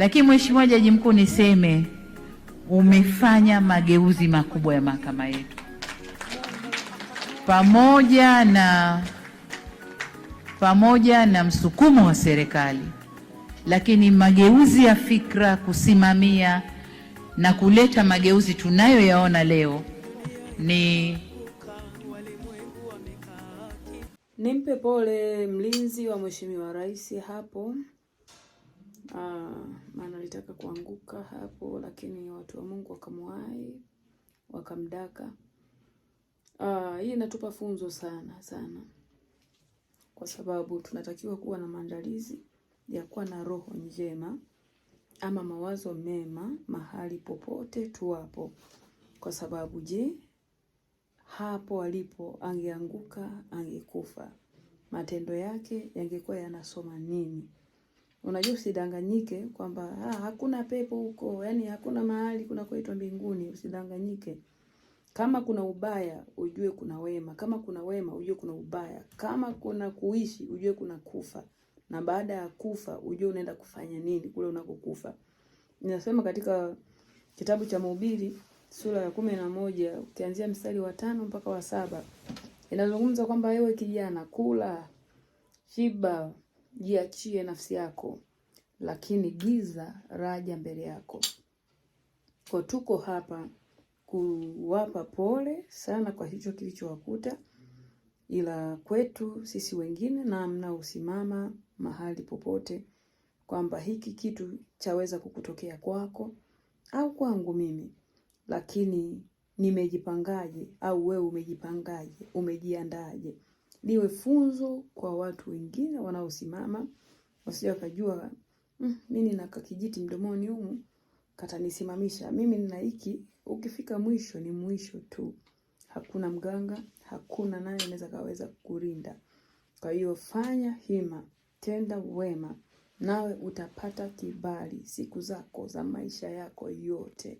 Lakini Mheshimiwa Jaji Mkuu, niseme umefanya mageuzi makubwa ya mahakama yetu pamoja na, pamoja na msukumo wa serikali, lakini mageuzi ya fikra kusimamia na kuleta mageuzi tunayoyaona leo ni nimpe pole mlinzi wa Mheshimiwa Rais hapo. Ah, maana alitaka kuanguka hapo, lakini watu wa Mungu wakamwahi wakamdaka. Uh, hii inatupa funzo sana sana, kwa sababu tunatakiwa kuwa na maandalizi ya kuwa na roho njema ama mawazo mema mahali popote tuwapo, kwa sababu je, hapo alipo angeanguka, angekufa, matendo yake yangekuwa yanasoma nini? Unajua, usidanganyike kwamba ha, ah, hakuna pepo huko, yani hakuna mahali kuna kuitwa mbinguni. Usidanganyike. Kama kuna ubaya ujue kuna wema, kama kuna wema ujue kuna ubaya, kama kuna kuishi ujue kuna kufa, na baada ya kufa ujue unaenda kufanya nini kule unakokufa. Ninasema katika kitabu cha Mhubiri sura ya kumi na moja ukianzia mstari wa tano mpaka wa saba inazungumza kwamba wewe kijana, kula shiba jiachie nafsi yako, lakini giza raja mbele yako. Kwa tuko hapa kuwapa pole sana kwa hicho kilichowakuta, ila kwetu sisi wengine na mnaosimama mahali popote, kwamba hiki kitu chaweza kukutokea kwako au kwangu mimi, lakini nimejipangaje? Au wewe umejipangaje? Umejiandaje? liwe funzo kwa watu wengine wanaosimama, wasije wakajua mm, mimi nina kakijiti mdomoni humu katanisimamisha mimi nina hiki. Ukifika mwisho ni mwisho tu, hakuna mganga, hakuna naye anaweza kaweza kukulinda. Kwa hiyo fanya hima, tenda wema, nawe utapata kibali siku zako za maisha yako yote.